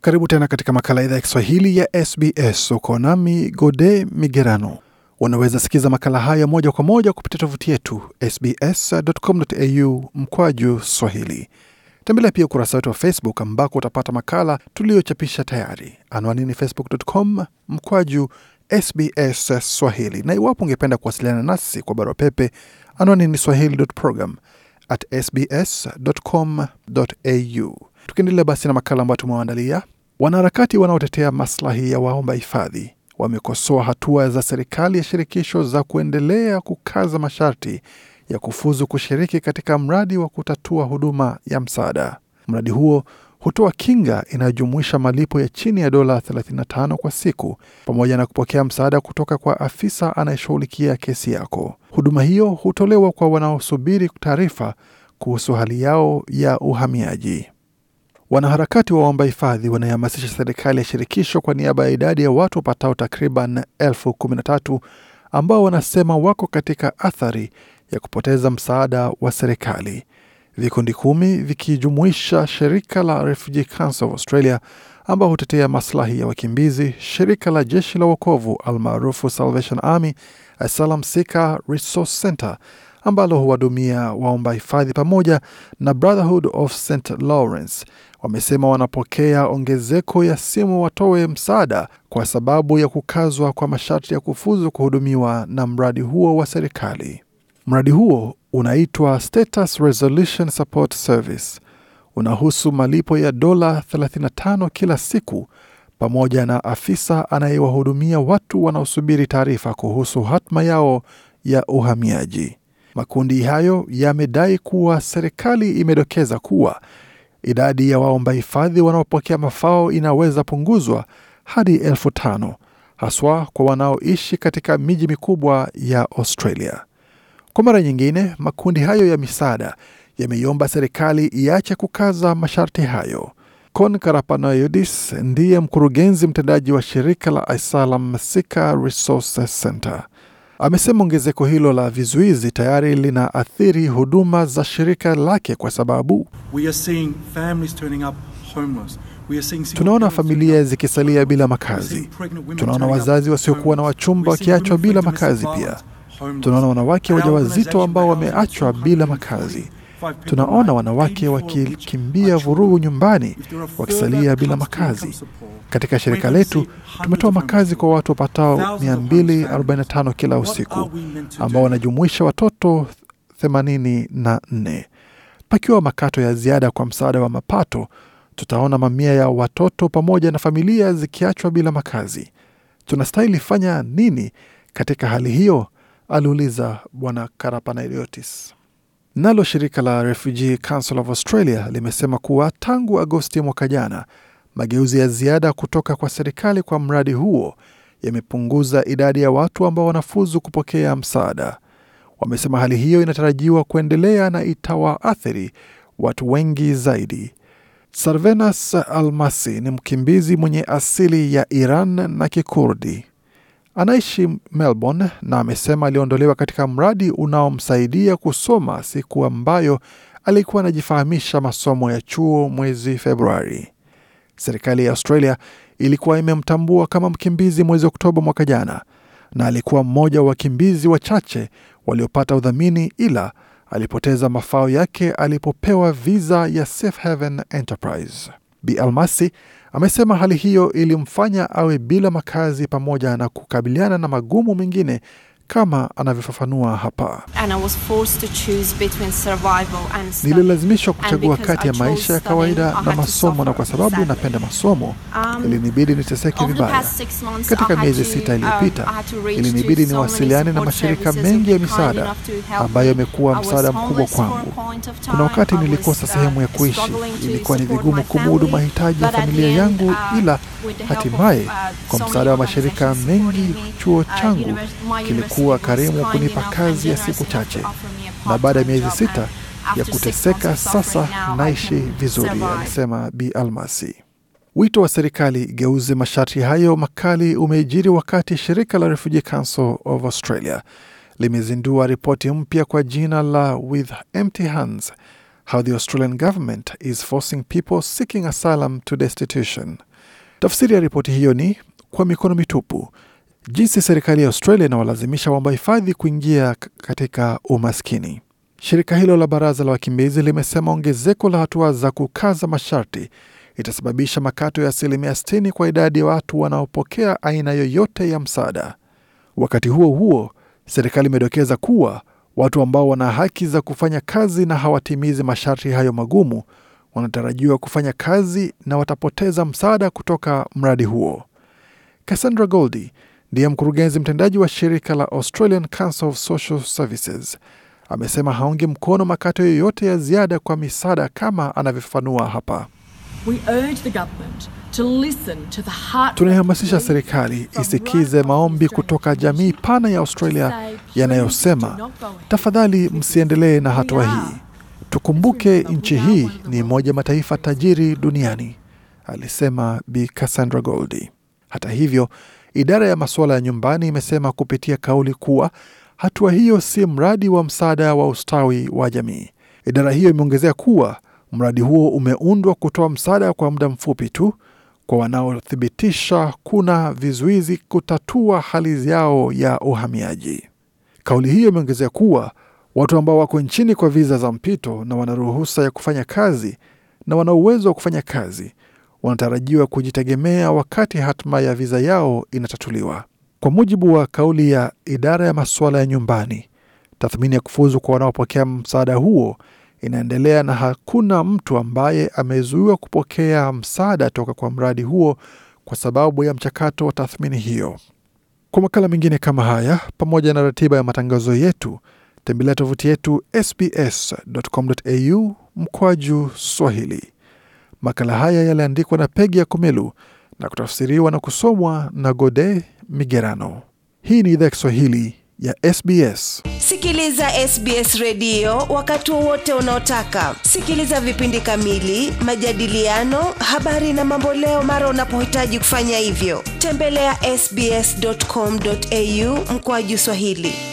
Karibu tena katika makala idhaa ya Kiswahili ya SBS. Uko nami Gode Migerano. Unaweza sikiza makala haya moja kwa moja kupitia tovuti yetu sbs.com.au mkwaju swahili. Tembelea pia ukurasa wetu wa Facebook ambako utapata makala tuliyochapisha tayari. Anwani ni facebook.com mkwaju SBS Swahili, na iwapo ungependa kuwasiliana nasi kwa barua pepe, anwani ni swahili.program at sbs.com.au. Tukiendelea basi na makala ambayo tumewaandalia, wanaharakati wanaotetea maslahi ya waomba hifadhi wamekosoa hatua za serikali ya shirikisho za kuendelea kukaza masharti ya kufuzu kushiriki katika mradi wa kutatua huduma ya msaada. Mradi huo hutoa kinga inayojumuisha malipo ya chini ya dola 35 kwa siku pamoja na kupokea msaada kutoka kwa afisa anayeshughulikia kesi yako. Huduma hiyo hutolewa kwa wanaosubiri taarifa kuhusu hali yao ya uhamiaji. Wanaharakati wa waomba hifadhi wanayehamasisha serikali ya shirikisho kwa niaba ya idadi ya watu wapatao takriban elfu kumi na tatu ambao wanasema wako katika athari ya kupoteza msaada wa serikali vikundi kumi vikijumuisha shirika la Refugee Council of Australia ambao hutetea maslahi ya wakimbizi, shirika la jeshi la wokovu almaarufu Salvation Army, Asylum Seeker Resource Center ambalo huwadumia waomba hifadhi pamoja na Brotherhood of St Lawrence wamesema wanapokea ongezeko ya simu watoe msaada kwa sababu ya kukazwa kwa masharti ya kufuzu kuhudumiwa na mradi huo wa serikali. Mradi huo unaitwa Status Resolution Support Service. Unahusu malipo ya dola 35 kila siku pamoja na afisa anayewahudumia watu wanaosubiri taarifa kuhusu hatma yao ya uhamiaji. Makundi hayo yamedai kuwa serikali imedokeza kuwa idadi ya waomba hifadhi wanaopokea mafao inaweza punguzwa hadi elfu tano haswa kwa wanaoishi katika miji mikubwa ya Australia. Kwa mara nyingine, makundi hayo ya misaada yameiomba serikali iache kukaza masharti hayo. con Karapanayoudis ndiye mkurugenzi mtendaji wa shirika la Aisalam sica Resource Center. Amesema ongezeko hilo la vizuizi tayari linaathiri huduma za shirika lake kwa sababu tunaona familia zikisalia bila makazi, tunaona wazazi wasiokuwa na wachumba wakiachwa bila makazi pia Tunaona wanawake wajawazito ambao wameachwa bila makazi. Tunaona wanawake wakikimbia vurugu nyumbani, wakisalia bila makazi. Katika shirika letu tumetoa makazi kwa watu wapatao 245 kila usiku, ambao wanajumuisha watoto 84. Pakiwa makato ya ziada kwa msaada wa mapato, tutaona mamia ya watoto pamoja na familia zikiachwa bila makazi. Tunastahili fanya nini katika hali hiyo? aliuliza Bwana Karapanaiotis. Nalo shirika la Refugee Council of Australia limesema kuwa tangu Agosti mwaka jana, mageuzi ya ziada kutoka kwa serikali kwa mradi huo yamepunguza idadi ya watu ambao wanafuzu kupokea msaada. Wamesema hali hiyo inatarajiwa kuendelea na itawaathiri watu wengi zaidi. Sarvenas Almasi ni mkimbizi mwenye asili ya Iran na Kikurdi. Anaishi Melbourne na amesema aliondolewa katika mradi unaomsaidia kusoma siku ambayo alikuwa anajifahamisha masomo ya chuo mwezi Februari. Serikali ya Australia ilikuwa imemtambua kama mkimbizi mwezi Oktoba mwaka jana, na alikuwa mmoja wa wakimbizi wachache waliopata udhamini, ila alipoteza mafao yake alipopewa viza ya Safe Haven Enterprise. Bi Almasi amesema hali hiyo ilimfanya awe bila makazi pamoja na kukabiliana na magumu mengine kama anavyofafanua hapa. Nililazimishwa kuchagua kati ya maisha ya kawaida na masomo, na kwa sababu napenda masomo um, ilinibidi niteseke vibaya. Katika miezi sita iliyopita, um, ilinibidi niwasiliane na mashirika mengi ya misaada ambayo yamekuwa msaada mkubwa kwangu. Kuna wakati nilikosa sehemu ya uh, kuishi, ilikuwa ni vigumu kumudu mahitaji ya familia yangu, uh, ila hatimaye, uh, kwa msaada wa mashirika mengi, chuo changu kilikuwa kuwa karimu kunipa kazi ya siku chache, na baada ya miezi sita ya kuteseka sasa naishi vizuri, alisema Bi Almasi. Wito wa serikali geuze masharti hayo makali umeijiri wakati shirika la Refugee Council of Australia limezindua ripoti mpya kwa jina la With Empty Hands How the Australian Government is Forcing People Seeking Asylum to Destitution. Tafsiri ya ripoti hiyo ni kwa mikono mitupu jinsi serikali ya Australia inawalazimisha waomba hifadhi kuingia katika umaskini. Shirika hilo la baraza la wakimbizi limesema ongezeko la hatua za kukaza masharti itasababisha makato ya asilimia 60 kwa idadi ya watu wanaopokea aina yoyote ya msaada. Wakati huo huo, serikali imedokeza kuwa watu ambao wana haki za kufanya kazi na hawatimizi masharti hayo magumu wanatarajiwa kufanya kazi na watapoteza msaada kutoka mradi huo. Cassandra Goldie ndiye mkurugenzi mtendaji wa shirika la Australian Council of Social Services, amesema haungi mkono makato yoyote ya ziada kwa misaada, kama anavyofafanua hapa. Tunaihamasisha serikali isikize maombi kutoka jamii pana ya Australia yanayosema, tafadhali msiendelee na hatua hii. Tukumbuke nchi hii ni moja mataifa tajiri duniani, alisema Bi Cassandra Goldie. Hata hivyo Idara ya masuala ya nyumbani imesema kupitia kauli kuwa hatua hiyo si mradi wa msaada wa ustawi wa jamii. Idara hiyo imeongezea kuwa mradi huo umeundwa kutoa msaada kwa muda mfupi tu kwa wanaothibitisha kuna vizuizi kutatua hali yao ya uhamiaji. Kauli hiyo imeongezea kuwa watu ambao wako nchini kwa viza za mpito na wana ruhusa ya kufanya kazi na wana uwezo wa kufanya kazi wanatarajiwa kujitegemea wakati hatma ya viza yao inatatuliwa. Kwa mujibu wa kauli ya idara ya masuala ya nyumbani, tathmini ya kufuzu kwa wanaopokea msaada huo inaendelea na hakuna mtu ambaye amezuiwa kupokea msaada toka kwa mradi huo kwa sababu ya mchakato wa tathmini hiyo. Kwa makala mengine kama haya, pamoja na ratiba ya matangazo yetu, tembelea tovuti yetu sbs.com.au mkwaju Swahili. Makala haya yaliandikwa na Pegi ya Komelu na kutafsiriwa na kusomwa na Gode Migerano. Hii ni idhaa Kiswahili ya SBS. Sikiliza SBS redio wakati wowote unaotaka. Sikiliza vipindi kamili, majadiliano, habari na mamboleo mara unapohitaji kufanya hivyo. Tembelea ya sbs.com.au mkoaju Swahili.